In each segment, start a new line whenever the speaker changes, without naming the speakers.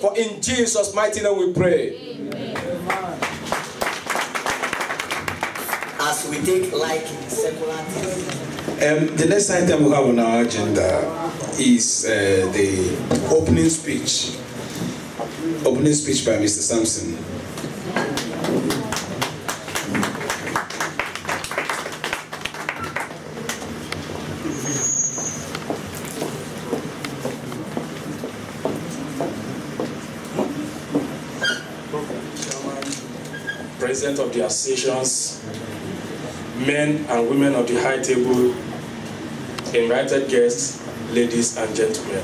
For in Jesus' mighty name we pray.
Amen. As we take like secular
um, the next item we have on our agenda is uh, the opening speech. Opening speech by Mr. Sampson.
president of the associations, men and women of the high table, invited guests, ladies and gentlemen.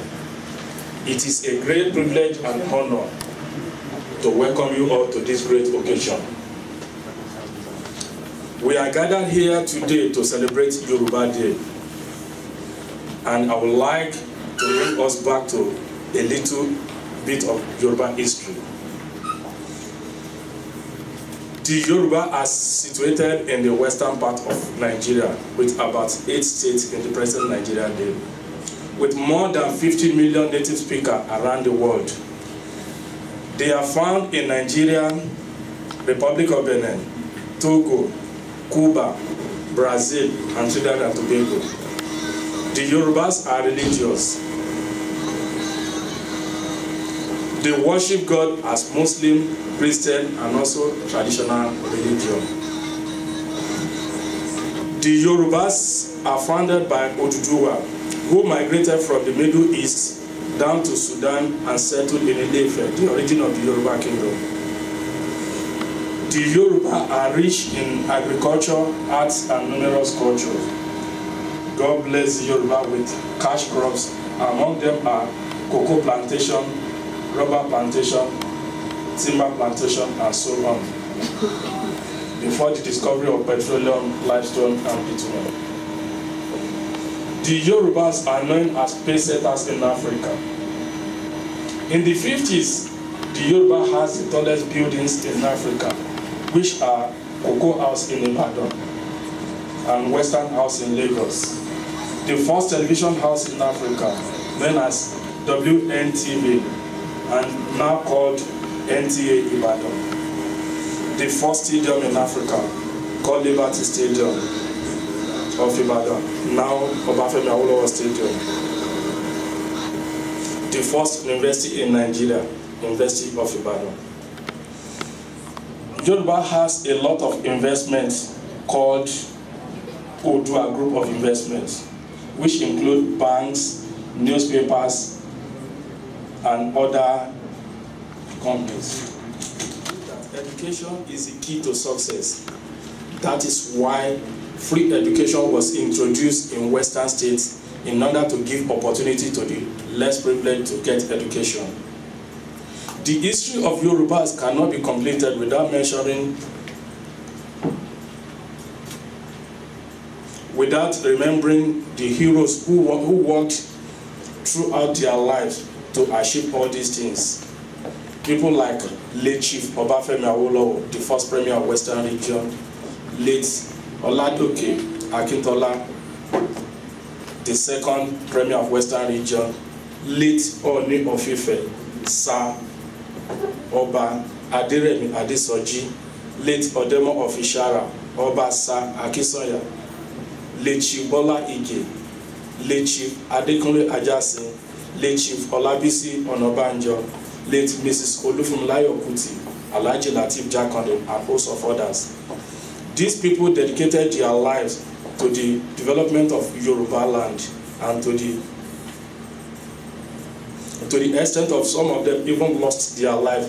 It is a great privilege and honor to welcome you all to this great occasion. We are gathered here today to celebrate Yoruba Day. And I would like to bring us back to a little bit of Yoruba history. The Yoruba are situated in the western part of Nigeria with about eight states in the present Nigeria day, with more than 50 million native speakers around the world. They are found in Nigeria, Republic of Benin, Togo, Cuba, Brazil, and Trinidad and Tobago. The Yorubas are religious They worship God as Muslim, Christian, and also traditional religion. The Yorubas are founded by Oduduwa, who migrated from the Middle East down to Sudan and settled in Ilefe, the origin of the Yoruba kingdom. The Yoruba are rich in agriculture, arts, and numerous cultures. God bless Yoruba with cash crops. Among them are cocoa plantation, rubber plantation, timber plantation, and so on, before the discovery of petroleum, limestone, and bitumen. The Yorubas are known as pace setters in Africa. In the 50s, the Yoruba has the tallest buildings in Africa, which are Cocoa House in Ibadan and Western House in Lagos. The first television house in Africa, known as WNTV, and now called NTA Ibadan, the first stadium in Africa called Liberty Stadium of Ibadan, now Obafemi Awolowo Stadium, the first university in Nigeria, University of Ibadan. Yoruba has a lot of investments called Odua Group of Investments, which include banks, newspapers, and other companies. Education is the key to success. That is why free education was introduced in Western states in order to give opportunity to the less privileged to get education. The history of Yorubas cannot be completed without mentioning, without remembering the heroes who, who worked throughout their lives to achieve all these things. People like late Chief Obafemi Awolowo, the first Premier of Western Region, late Oladoke Akintola, the second Premier of Western Region, late Ooni of Sir Oba Adiremi Adisoji, late Odemo of Oba Sir Akinsanya, late Chief Bola Ige, late Chief Adekunle Ajasin, late chief olabisi Onobanjo, late mrs olufunlayo kuti alhaji lateef jakande and host of others these people dedicated their lives to the development of yoruba land and to the to the extent of some of them even lost their life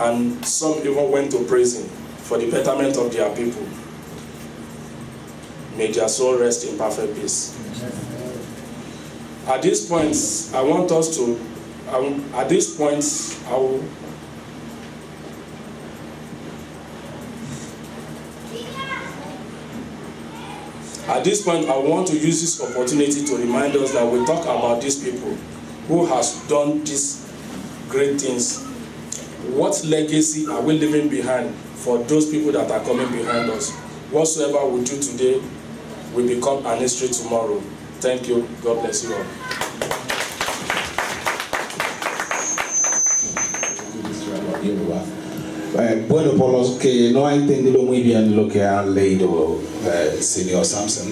and some even went to prison for the betterment of their people. May their soul rest in perfect peace. Amen. At this point, I want us to, um, at this point, I will. At this point, I want to use this opportunity to remind us that we talk about these people who has done these great things. What legacy are we leaving behind for those people that are coming behind us? Whatsoever we do today will become an history tomorrow. Thank you. God bless you all.
Eh, bueno, por los que no han entendido muy bien lo que ha leído eh, el señor Samson,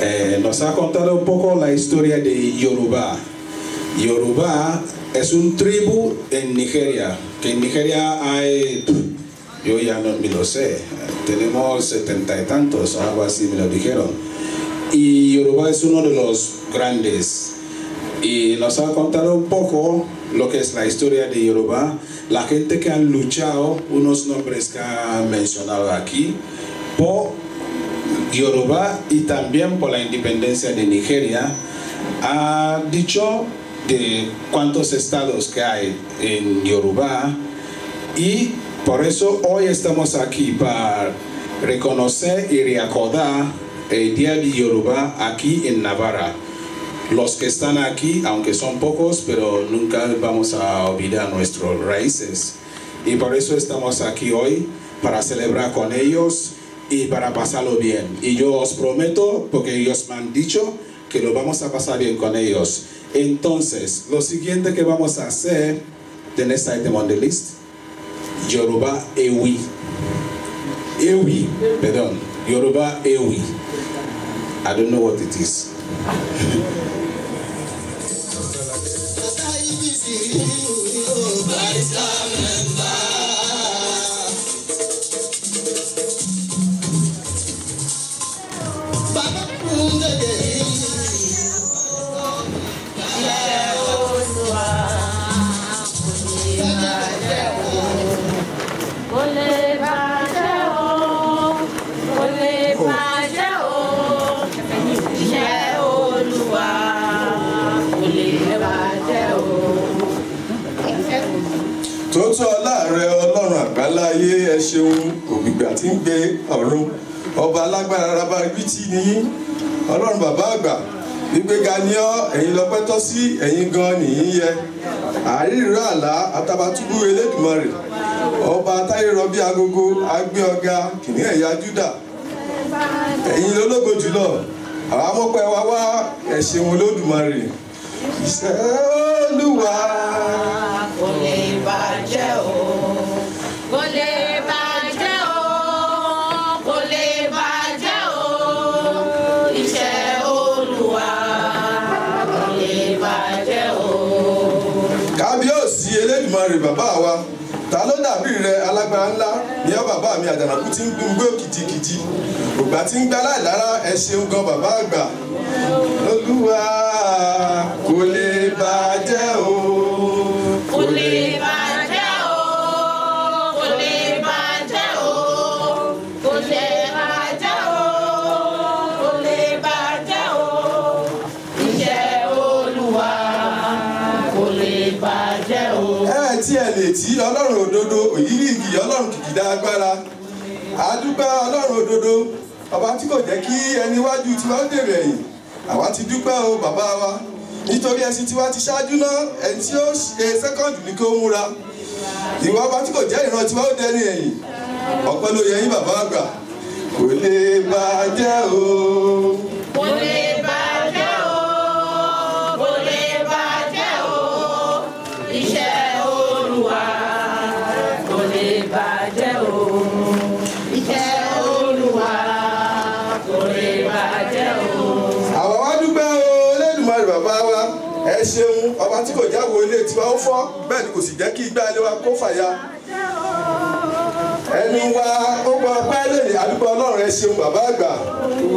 eh, nos ha contado un poco la historia de Yoruba. Yoruba es un tribu en Nigeria, que en Nigeria hay, yo ya no me lo sé, tenemos setenta y tantos, algo así me lo dijeron y Yoruba es uno de los grandes y nos ha contado un poco lo que es la historia de Yoruba, la gente que han luchado, unos nombres que ha mencionado aquí, por Yoruba y también por la independencia de Nigeria, ha dicho de cuántos estados que hay en Yoruba y por eso hoy estamos aquí para reconocer y recordar el día de Yoruba aquí en Navarra. Los que están aquí, aunque son pocos, pero nunca vamos a olvidar nuestros raíces. Y por eso estamos aquí hoy, para celebrar con ellos y para pasarlo bien. Y yo os prometo, porque ellos me han dicho, que lo vamos a pasar bien con ellos. Entonces, lo siguiente que vamos a hacer, en esta item on list, Yoruba Ewi. Ewi, perdón, Yoruba Ewi. I don't know what it
ayé ẹ ṣeun ògbìgbà tí ń gbé ọ̀run ọba alágbára rabarbítì nìyí ọlọ́run bàbá àgbà gbígbéga ní ọ ẹ̀yin lọ́pẹ́ tọ́ sí ẹ̀yin gan nìyín yẹ àríra àlá Àtàbàtúbú Elédùmarè ọba táyé rọbí agogo agbé ọ̀gá kìnìún ẹ̀yà Júdà ẹ̀yin lólógo jùlọ àwọn amọ́pẹ́ wa wá ẹ ṣeun Olódùmarè ìṣẹ́ Olúwa. mi àjànàkú tí ń gbin gbé kìtìkìtì ògbà tí ń gbá láìlára ẹ ṣeun gan bàbá àgbà lọ́lúwa. ọlọ́run òdodo òyìnbí ìkì ọlọ́run kìkìdá agbára àdúgbà ọlọ́run òdodo ọba tí kò jẹ́ kí ẹni wájú tiwa ó dèrò ẹ̀yìn àwa ti dúpẹ́ o bàbá wa nítorí ẹṣin tiwa ti ṣáájú náà ẹni tí ó ṣe sẹ́kọ̀ndì ní kí ó múra ìwà ọba tí kò jẹ́ ìran tiwa ó dẹni ẹ̀yìn ọpẹ́ ló yẹ yín bàbá àgbà kò lè bàjẹ́ o. kò sì jẹ́ kí igbá ilé wa kó fàya ẹnu wa ó gbọ́ ọpẹ́ lèlè àdúgbò ọlọ́run ẹ ṣeun bàbá àgbà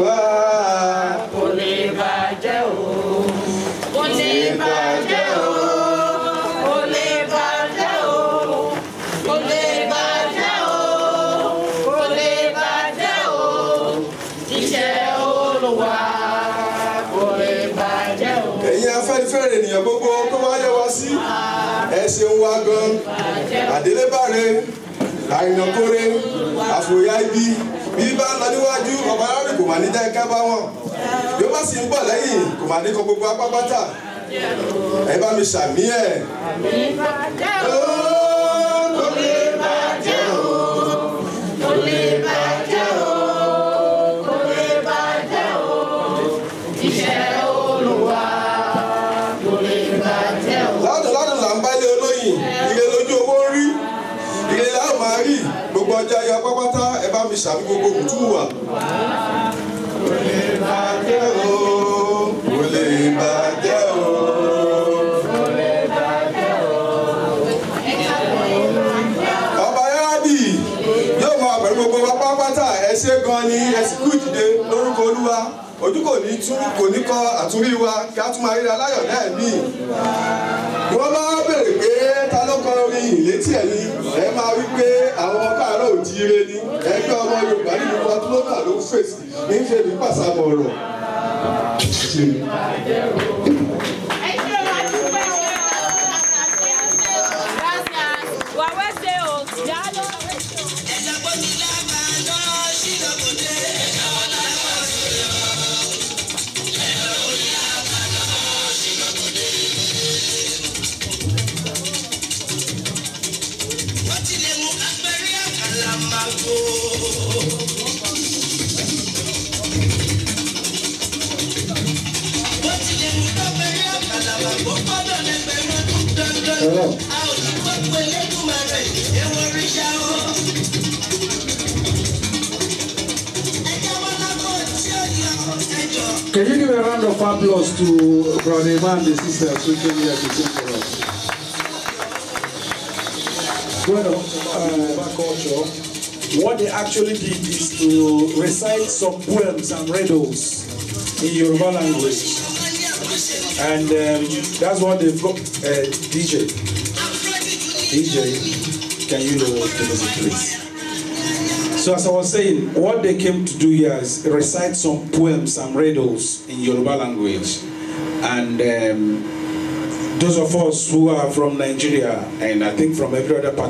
wá. kò lè bàjẹ́ o kò lè bàjẹ́ o. èyí afẹ́fẹ́ ènìyàn gbogbo ṣeun wá gan àdélébàrè àrìnàkórè àfòyà ibi bí bá ń lọ níwájú ọba aráàlú kò mà ní jẹ́ ká bá wọn bí ó bá sì ń bọ̀ lẹ́yìn kò mà ní kọ gbogbo apá pátá ẹ bá mi ṣàmì ẹ̀. sàbí gbogbo òtún wà. kò lè bàjẹ́ o kò lè bàjẹ́ o. ẹ ṣé gan ni ẹ sì kú ìdìde lórúkọ olúwa ojú kò ní tú kò ní kọ àtúrí wa kí a tún máa ríra láyọ̀ náà mí. wọ́n bá béèrè pé ta ló kọ orin ìlétí ẹ̀yin ẹ̀ máa ire ni ẹgbẹ́ ọmọ Yorùbá nínú
Barcelona ló fèsì ní ṣe ní pàṣàmọ̀ ọ̀rọ̀. a round of applause to Brother Iman, the sister, who came here to sing for us. Bueno, uh, what they actually did is to recite some poems and riddles in Yoruba language. And um, that's what they've got. Uh, DJ, DJ, can you know what the music please? So as I was saying, what they came to do here is recite some poems, some riddles in Yoruba language.
And um, those of us who are from Nigeria, and I think from every other part